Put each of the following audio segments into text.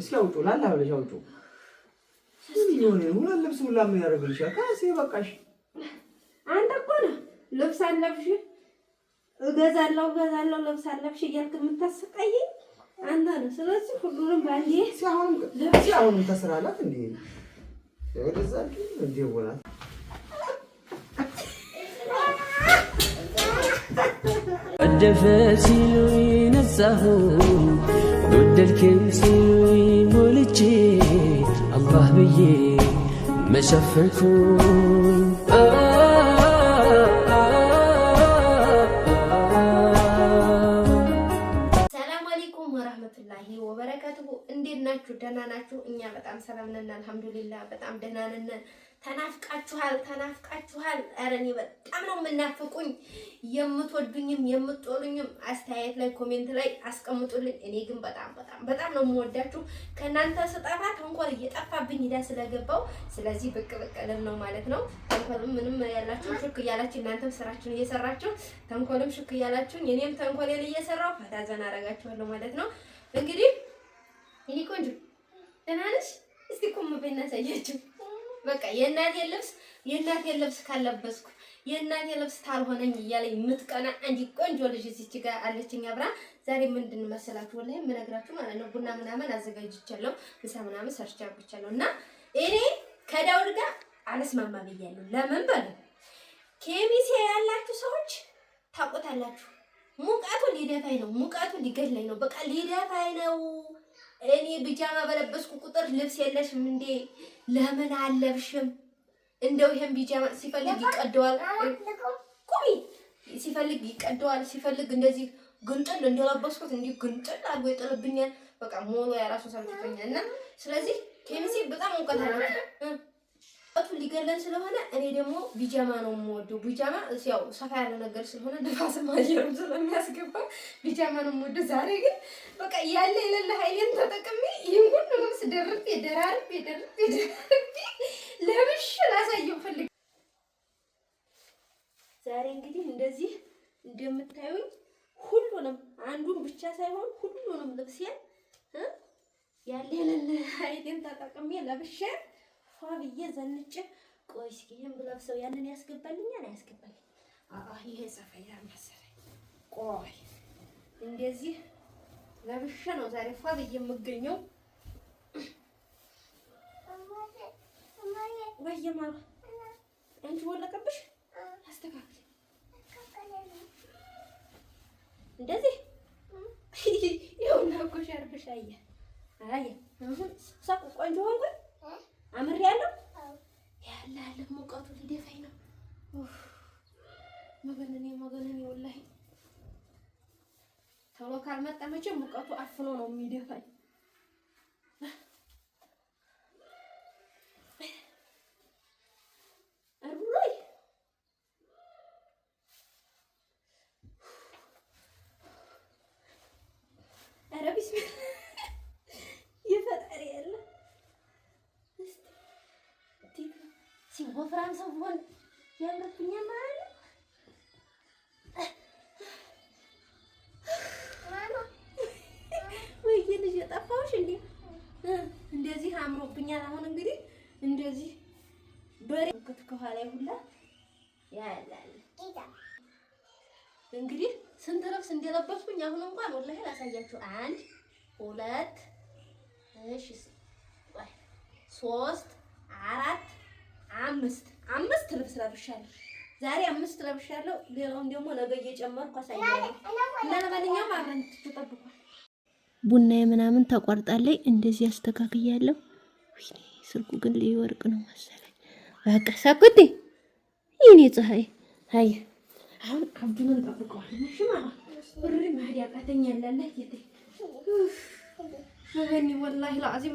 እስኪ አውጩ ላላ ብለሽ አውጩ። ሆነ ሁለት ልብስ ሁላ ምን ያደርግልሻል? ካሴ በቃሽ። አንተ እኮ ነህ ልብስ አለብሽ እገዛለሁ እገዛለሁ ልብስ አለብሽ እያልክ የምታሰቃየኝ አንተ ነህ። ስለዚህ ሁሉንም ባንዴ ሲያሁን ለብቻ አሁን ተስራላት እንዴ ወደዛ እንዴ ወላት ገደፈ ሲሉ ነጻሁ ጎደልክም ሲሉ ሞልቼ አላህ ብዬ መሸፈንኩኝ እንዴት ናችሁ? ደህና ናችሁ? እኛ በጣም ሰላም ነን፣ አልሐምዱሊላህ በጣም ደህና ነን። ተናፍቃችኋል፣ ተናፍቃችኋል። ኧረ እኔ በጣም ነው የምናፍቁኝ። የምትወዱኝም የምትጦሉኝም አስተያየት ላይ ኮሜንት ላይ አስቀምጡልኝ። እኔ ግን በጣም በጣም በጣም ነው የምወዳችሁ። ከእናንተ ስጠፋ ተንኮል እየጠፋብኝ ሂዳ ስለገባው ስለዚህ ብቅ ብቅ ልል ነው ማለት ነው። ተንኮልም ምንም ያላችሁ ሽክ እያላችሁ እናንተም ስራችሁን እየሰራችሁ ተንኮልም ሽክ እያላችሁኝ እኔም ተንኮሌን ፈታ ዘና አደርጋችኋለሁ ማለት ነው። እንግዲህ ቆንጆ ደህና ነሽ? እስቲ ቆም በቃ የእናቴን ልብስ የእናቴን ልብስ ካለበስኩ የእናቴ ልብስ ታልሆነኝ እያለኝ የምትቀና አንድ ቆንጆ ልጅ እዚች ጋር አለችኝ። አብራ ዛሬ ምንድን መሰላችሁ? ወላሂ የምነግራችሁ ማለት ነው። ቡና ምናምን አዘጋጅቻለሁ፣ ምሳ ምናምን ሰርቼ አርጉቻለሁ። እና እኔ ከዳውድ ጋር አልስማማ ብያለሁ። ለምን በሉ ኬሚሴ ያላችሁ ሰዎች ታውቁታላችሁ። ሙቀቱ ሊደፋኝ ነው፣ ሙቀቱ ሊገድለኝ ነው፣ በቃ ሊደፋኝ ነው። እኔ ቢጃማ በለበስኩ ቁጥር ልብስ የለሽም እንዴ? ለምን አለብሽም? እንደው ይሄን ቢጃማ ሲፈልግ ይቀደዋል፣ ቁሚ ሲፈልግ ይቀደዋል፣ ሲፈልግ እንደዚህ ግንጥል እንደለበስኩት እንዲህ ግንጥል አድርጎ ይጥልብኛል። በቃ ሞሎ ያራሱ ሰምቶኛል። እና ስለዚህ ኬሚሴ በጣም እውቀት ሊገለን ስለሆነ እኔ ደግሞ ቢጃማ ነው የምወደው። ቢጃማ ያው ሰፋ ያለ ነገር ስለሆነ ንፋስም አየርም ስለሚያስገባ ቢጃማ ነው የምወደው። ዛሬ ግን በቃ ያለ የሌለ ኃይሌን ተጠቅሜ ይህን ልብስ ስደርብ የደራርብ የደርብ የደርብ ለብሽ ላሳየው ፈልግ ዛሬ እንግዲህ እንደዚህ እንደምታዩኝ ሁሉንም አንዱን ብቻ ሳይሆን ሁሉንም ልብሴን ያለ የሌለ ኃይሌን ተጠቅሜ ለብሼ ብዬ ዘንጭ። ቆይ እስኪ ይሄን ብለብሰው ያንን ያስገባልኛል አያስገባልኝ? አዎ ይሄ ሰፋ ይላል መሰለኝ። ቆይ እንደዚህ ለብሼ ነው ዛሬ ፏ ብዬ የምገኘው። ማ አንቺ ወለቀብሽ አስተካክል። እንደዚህ ይኸውና እኮ ሸርብሽ አየህ አየህ፣ አሁን ሳቁ ቆንጆ ሆንኩኝ። አምር ያለው ያለ ሙቀቱ ሊደፋኝ ነው። መገነኔ መገነኔ ወላሂ ተብሎ ካልመጣ መቼም ሙቀቱ አፍኖ ነው የሚደፋኝ። ወፍራም ሰው ብሆን ያምርብኛል ማለት ወይ ልጅ የጠፋሁሽ እንዴ? እንደዚህ አምሮብኛል። አሁን እንግዲህ እንደዚህ በሬ ከኋላ ሁላ ያላል እንግዲህ ስንት ልብስ እንደለበስኩኝ አሁን እንኳን ወላሂ ላሳያችሁ። አንድ ሁለት፣ እሺ፣ ሶስት፣ አራት አምስት አምስት ልብስ ለብሻለሁ ዛሬ አምስት ለብሻለሁ። ሌላውን ደግሞ ነገ እየጨመርኩ አሳያለሁ። እና ለማንኛውም አብረን ቡና ምናምን ተቆርጣለይ እንደዚህ አስተካክያለሁ። ወይኔ ስልኩ ግን ሊወርቅ ነው መሰለኝ። በቃ ሳኩቴ ይኔ ፀሐይ አይ አሁን አብዱን ጠብቀዋል። ሽማ ሪ ብሪ መሄድ ያለለት ወላሂ ለአዚም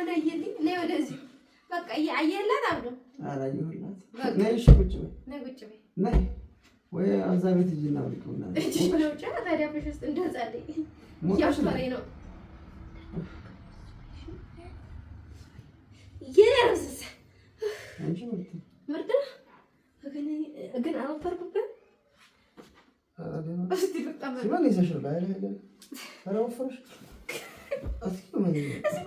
አላየልኝ። እኔ ወደዚህ በቃ አየህላት አብዶ አላየሁላት። ነይ እሺ፣ ቁጭ በይ፣ ነይ ቁጭ በይ፣ ነይ ወይ አዛ ቤት ሂጂ እና ብቅ ምናምን እጅ ብለው ጫ ታዲያሽ ውስጥ እንደዛለኝ እያሽፈረኝ ነው የረስሰ ምርጥ ግን አልወፈርኩብን እስቲ በጣም ሲሆን ረወፈረሽ እስኪ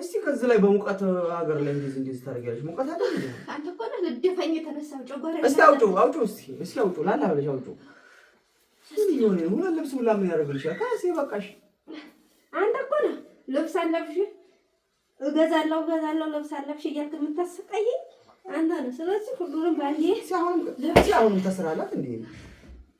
እስቲ ከዚህ ላይ በሙቀት ሀገር ላይ እንደዚህ እንደዚህ ታደርጊያለሽ። ሙቀት አለ አንተ እኮ ነህ ልደፋኝ የተነሳው። ጨጓራ እስቲ አውጪ አውጪ እስቲ እስቲ አውጪ ላላ ብለሽ አውጪ። ሁለት ልብስ ብላ ምን ያደርግልሻል? ካሴ በቃሽ። አንተ እኮ ነህ ልብስ አለብሽ እገዛለሁ እገዛለሁ ልብስ አለብሽ እያልክ የምታሰቃየኝ አንተ ነህ። ስለዚህ ሁሉንም ባንዴ ሲያሁን ለብቻ አሁን ተስራላት እንዴ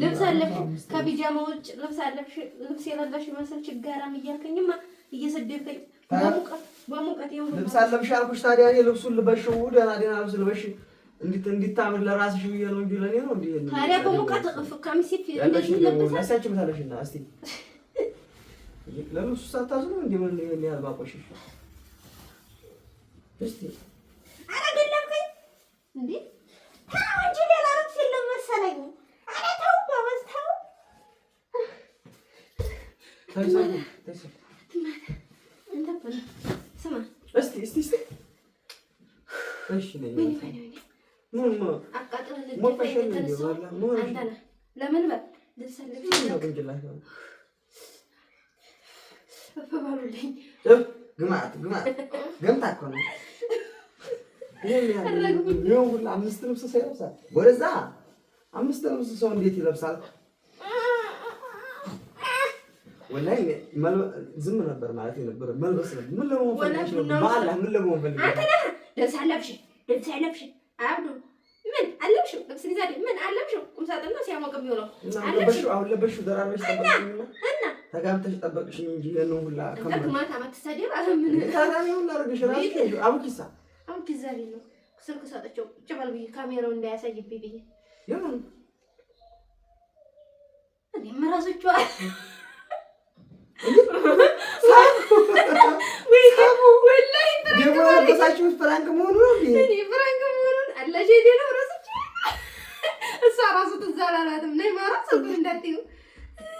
ልብስ አለብሽ ከቢጃማ ውጭ ልብስ የለበሽ መሰል ችጋራም እያልከኝማ እየሰደብከኝ በሙቀት ልብስ አለብሽ አልኩሽ። ታዲያ ልብሱን ልበሽ ደህና ደህና ልብስ ልበሽ እንዲታምር ለራስሽ ብዬሽ ነው እንጂ ለእኔ ነው ታዲያ በሙቀት ከሚሴት ያሳችምታለሽና እስኪ ለልብሱ ሳታስቡ ምን ያህል ባቆሽሽ እስኪ ኧረ ይሄን ሁላ አምስት ልብስ ሰው ይለብሳል። ወደዛ አምስት ልብስ ሰው እንዴት ይለብሳል? ዝም ነበር ማለት የነበረ መልበስ ነበር። ምን ለመሆን ፈልገሽ ነበር? በአላህ ምን ለመሆን ፈልገሽ ነበር? ልብስ አለብሽኝ፣ ልብስ አለብሽኝ። አብዱ ምን አለብሽው? ልብስ ይዛል ምን አለብሽው? ቁምሳጥን ነው ሲያሞቅ የሚውለው አለብሽው። አሁን ለበሽው ደራረሽ ጠበቅሽኝና ተጋብተሽ ጠበቅሽኝ እንጂ ያንን ሁላ ከማለት ማታ ማትሳደብ አለምን ታታሚ ሁላ አድርገሽ ራስሽ አሁን ኪሳ አሁን ኪዛ ቢሉ ስልክ ሰጠቸው ቁጭ በል ብዬ ካሜራው እንዳያሳይብኝ ብዬ ያው እኔ መራሶቹ ያልረሳችሁ ፍራንክ መሆኑ ነው። እኔ ፍራንክ መሆኑን አላሽ ነው ረስቼ እሷ ራሱ ትዝ ነይ ማራ ሰብን እንዳትዪው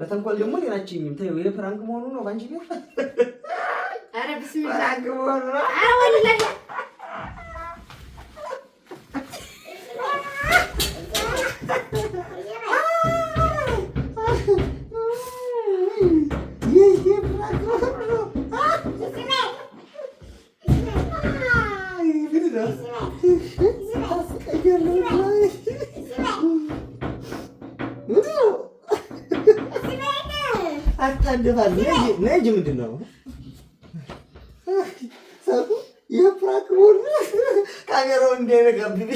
በተንኮል ደግሞ ሌላችኝም ተይው፣ ይሄ ፕራንክ መሆኑ ነው ባንቺ አረ ቤት አረ ብስሚላ ይጣደፋል። ነጅ ምንድን ነው? ይህ ፕራንክ ሆኖ ካሜራው እንዳይነካብኝ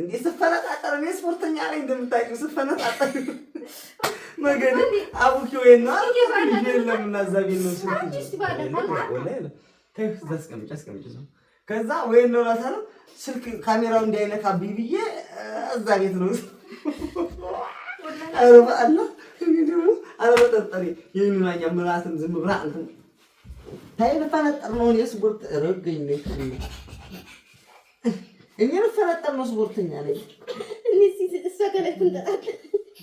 እንዴ ስፈነጣጠር እኔ ስፖርተኛ ላይ እንደምታውቂው ስፈነጣጠር መገድ አቡኪው የና የለም እናዛቤ ነው ስለ ከዛ ወይ ነው ራሳለ ስልክ ካሜራው እንዳይነካ ብዬ እዛ ቤት ነው አረባአላ ደግሞ አለመጠርጠሪ የሚማኛ ምራትን ዝም ብላ እንትን ታይ ልፈነጠር ነው እኔ ስፖርት ረገኝ ነኝ እኔ ልፈነጠር ነው ስፖርተኛ ነኝ እኔ እሷ ከላይ ትንጠጣለች